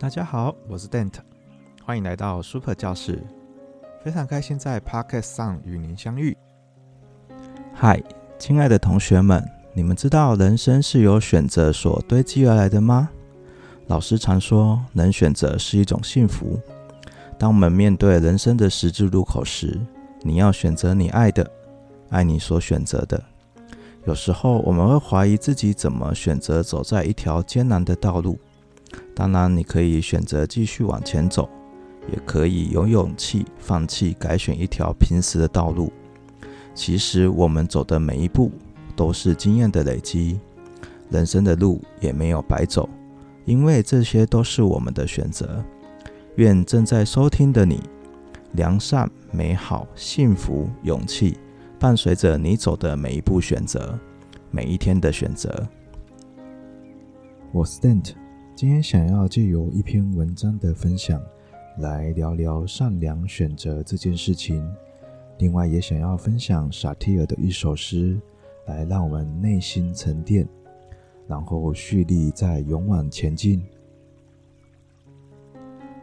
大家好，我是 Dante，歡迎來到 Super 教室。非常開心在 Podcast 上與您相遇。嗨，親愛的同學們，你們知道人生是由選擇所堆積而來的嗎？老師常說，能選擇是一種幸福。當我們面對人生的十字路口時，你要選擇你愛的，愛你所選擇的。有時候我們會懷疑自己怎麼選擇走在一條艱難的道路。當然，你可以選擇繼續往前走，也可以有勇氣放棄，改選一條平時的道路。其實，我們走的每一步都是經驗的累積，人生的路也沒有白走，因為這些都是我們的選擇。願正在收聽的你，良善、美好、幸福、勇氣，伴隨着你走的每一步選擇，每一天的選擇。我是丹特。今天想要借由一篇文章的分享，來聊聊善良選擇這件事情。另外也想要分享薩提爾的一首詩，來讓我們內心沉澱，然後蓄力再勇往前進。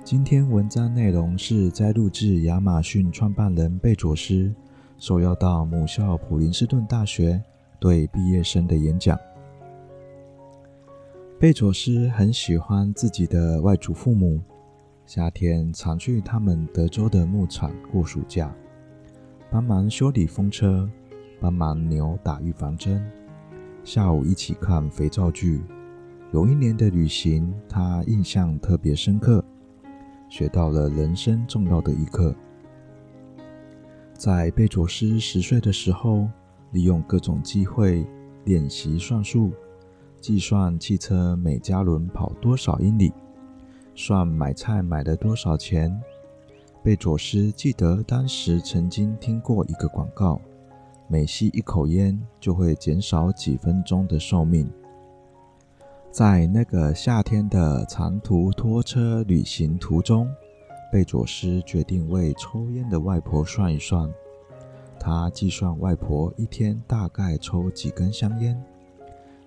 今天文章內容是摘錄自亞馬遜創辦人貝佐斯受邀到母校普林斯頓大學對畢業生的演講。貝佐斯很喜歡自己的外祖父母，夏天常去他們德州的牧場過暑假，幫忙修理風車，幫忙牛打預防針，下午一起看肥皂劇。有一年的旅行，他印象特別深刻，學到了人生重要的一課。在貝佐斯十歲的時候，利用各種機會練習算術。計算汽車每加侖跑多少英里，算買菜買了多少錢。貝佐斯記得當時曾經聽過一個廣告，每吸一口煙就會減少幾分鐘的壽命。在那個夏天的長途拖車旅行途中，貝佐斯決定為抽煙的外婆算一算。他計算外婆一天大概抽幾根香煙。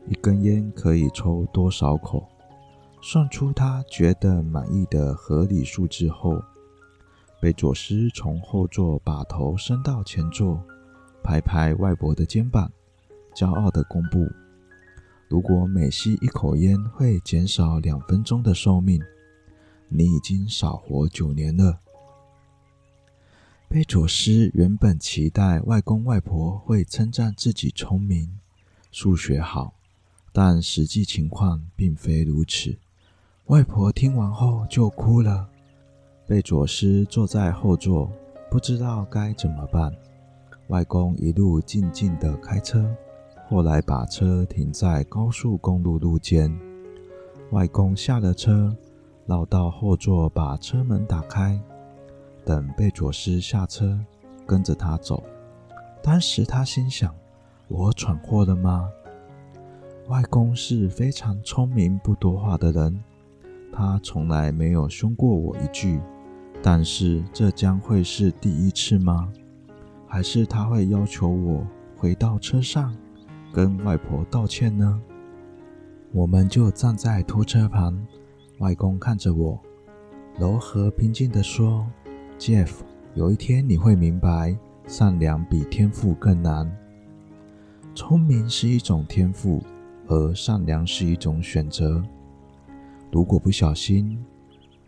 一根煙可以抽多少口？算出他覺得滿意的合理數字後，貝佐斯從後座把頭伸到前座，拍拍外婆的肩膀，驕傲地公布：“如果每吸一口煙會減少兩分鐘的壽命，你已經少活九年了。”貝佐斯原本期待外公外婆會稱讚自己聰明，數學好。但實際情況並非如此。外婆聽完後就哭了。貝佐斯坐在後座，不知道該怎麼辦。外公一路靜靜的開車，後來把車停在高速公路路肩。外公下了車，繞到後座，把車門打開，等貝佐斯下車，跟着他走。當時他心想：我闖禍了嗎？外公是非常聰明、不多話的人，他從來沒有凶過我一句。但是，這將會是第一次嗎？還是他會要求我回到車上，跟外婆道歉呢？我們就站在拖車旁，外公看着我，柔和、平靜地說：“Jeff，有一天你會明白，善良比天賦更難。”聰明是一種天賦。而善良是一種選擇。如果不小心，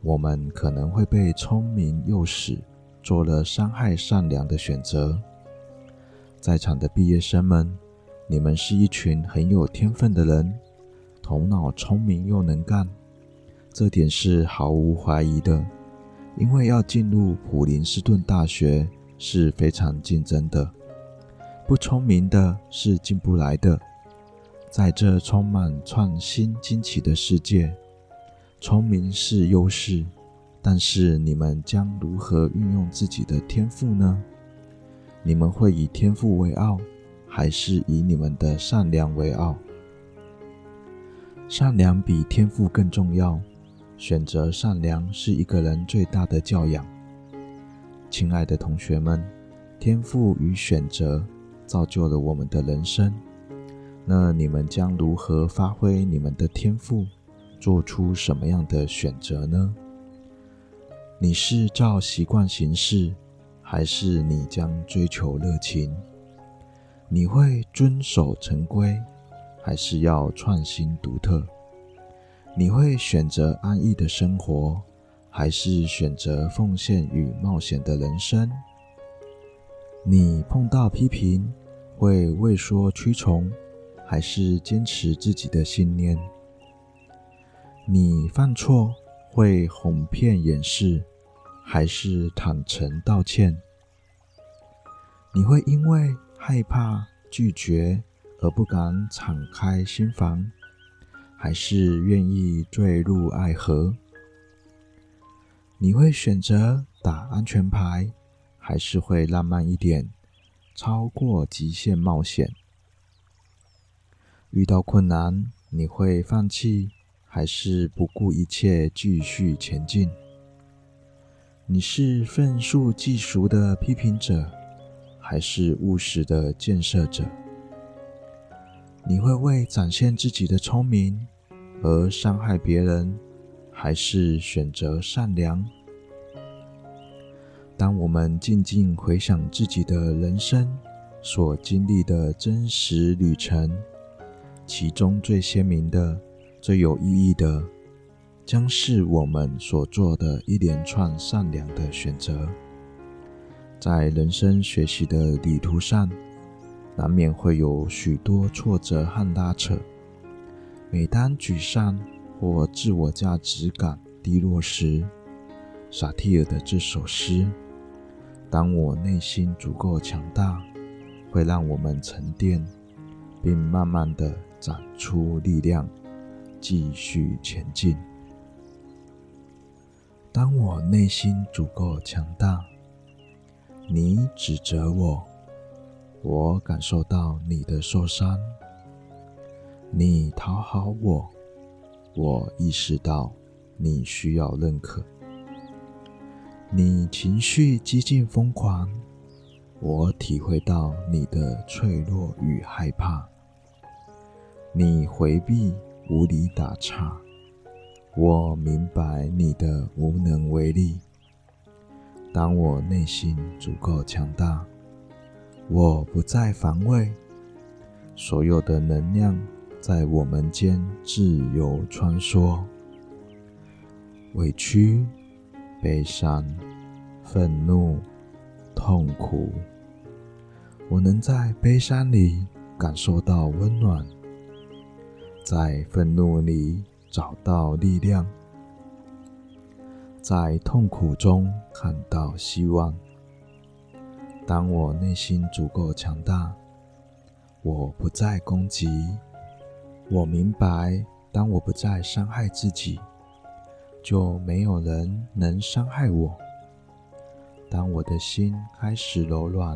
我們可能會被聰明誘使，做了傷害善良的選擇。在場的畢業生們，你們是一群很有天分的人，頭腦聰明又能幹，這點是毫無懷疑的。因為要進入普林斯頓大學是非常競爭的，不聰明的是進不來的。在這充滿創新、驚奇的世界，聰明是優勢，但是你們將如何運用自己的天賦呢？你們會以天賦為傲，還是以你們的善良為傲？善良比天賦更重要，選擇善良是一個人最大的教養。親愛的同學們，天賦與選擇造就了我們的人生。那你們將如何發揮你們的天賦，做出什麼樣的選擇呢？你是照習慣行事，還是你將追求熱情？你會遵守成規，還是要創新獨特？你會選擇安逸的生活，還是選擇奉獻與冒險的人生？你碰到批評，會畏縮屈從？還是堅持自己的信念？你犯錯會哄騙掩飾，還是坦誠道歉？你會因為害怕拒絕而不敢敞開心房，還是願意墜入愛河？你會選擇打安全牌，還是會浪漫一點，超過極限冒險？遇到困難，你會放棄還是不顧一切繼續前進？你是憤世嫉俗的批評者，還是務實的建設者？你會為展現自己的聰明而傷害別人，還是選擇善良？當我們靜靜回想自己的人生所經歷的真實旅程，其中最鮮明的、最有意義的，將是我們所做的一連串善良的選擇。在人生學習的旅途上，難免會有許多挫折和拉扯。每當沮喪或自我價值感低落時，薩提爾的這首詩，當我內心足夠強大，會讓我們沉澱。並慢慢的長出力量，繼續前進。當我內心足夠強大，你指責我，我感受到你的受傷；你討好我，我意識到你需要認可；你情緒幾近瘋狂。我體會到你的脆弱與害怕，你回避、無理打岔，我明白你的無能為力。當我內心足夠強大，我不再防衛，所有的能量在我們間自由穿梭，委屈、悲傷、憤怒、痛苦，我能在悲傷裡感受到溫暖，在憤怒裡找到力量，在痛苦中看到希望。當我內心足夠強大，我不再攻擊，我明白，當我不再傷害自己，就沒有人能傷害我。當我的心開始柔軟，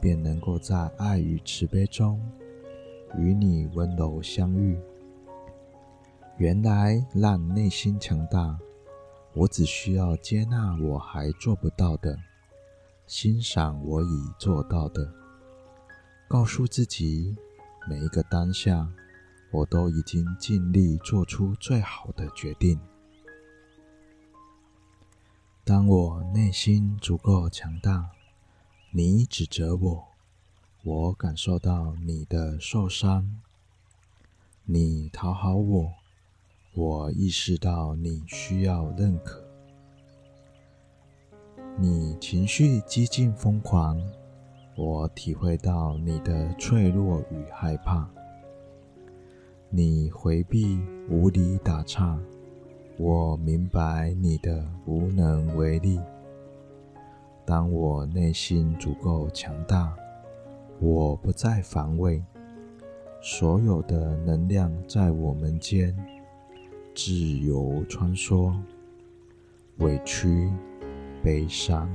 便能夠在愛與慈悲中與你溫柔相遇。原來讓內心強大，我只需要接納我還做不到的，欣賞我已做到的，告訴自己每一個當下，我都已經盡力做出最好的決定。當我內心足夠強大，你指責我，我感受到你的受傷；你討好我，我意識到你需要認可；你情緒幾近瘋狂，我體會到你的脆弱與害怕；你回避、無理打岔。我明白你的無能為力。當我內心足夠強大，我不再防衛。所有的能量在我們間自由穿梭。委屈、悲傷、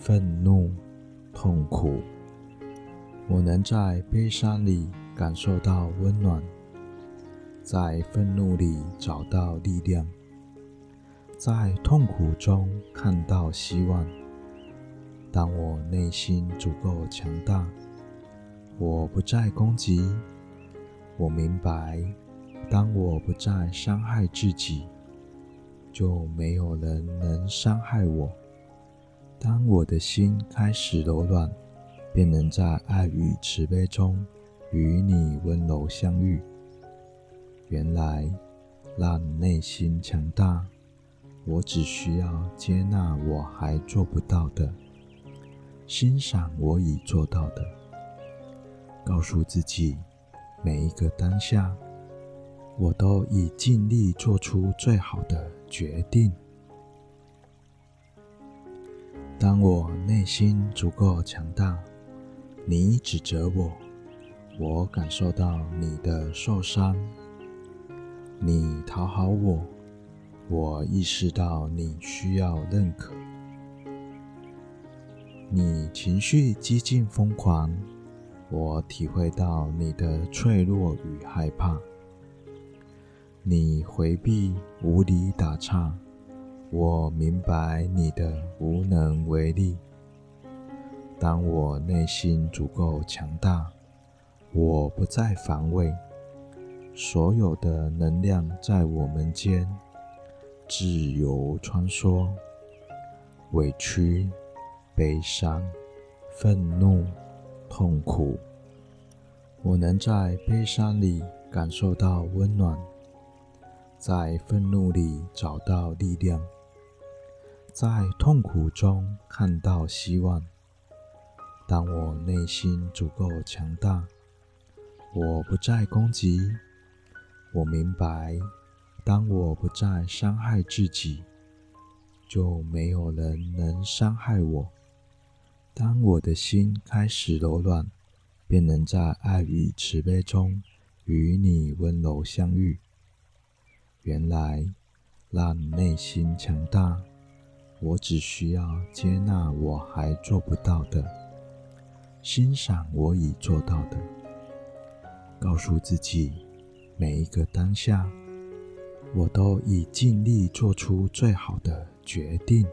憤怒、痛苦。我能在悲傷裡感受到溫暖，在憤怒裡找到力量。在痛苦中看到希望。當我內心足夠強大，我不再攻擊。我明白，當我不再傷害自己，就沒有人能傷害我。當我的心開始柔軟，便能在愛與慈悲中與你溫柔相遇。原來，讓你內心強大。我只需要接納我還做不到的，欣賞我已做到的。告訴自己，每一個當下，我都已盡力做出最好的決定。當我內心足夠強大，你指責我，我感受到你的受傷，你討好我。我意識到你需要認可，你情緒幾近瘋狂。我體會到你的脆弱與害怕，你回避、無理打岔。我明白你的無能為力。當我內心足夠強大，我不再防衛，所有的能量在我們間。自由穿梭，委屈、悲傷、憤怒、痛苦。我能在悲傷裡感受到溫暖，在憤怒裡找到力量，在痛苦中看到希望。當我內心足夠強大，我不再攻擊，我明白。當我不再傷害自己，就沒有人能傷害我。當我的心開始柔軟，便能在愛與慈悲中與你溫柔相遇。原來，讓內心強大，我只需要接納我還做不到的，欣賞我已做到的，告訴自己每一個當下。我都已盡力做出最好的決定。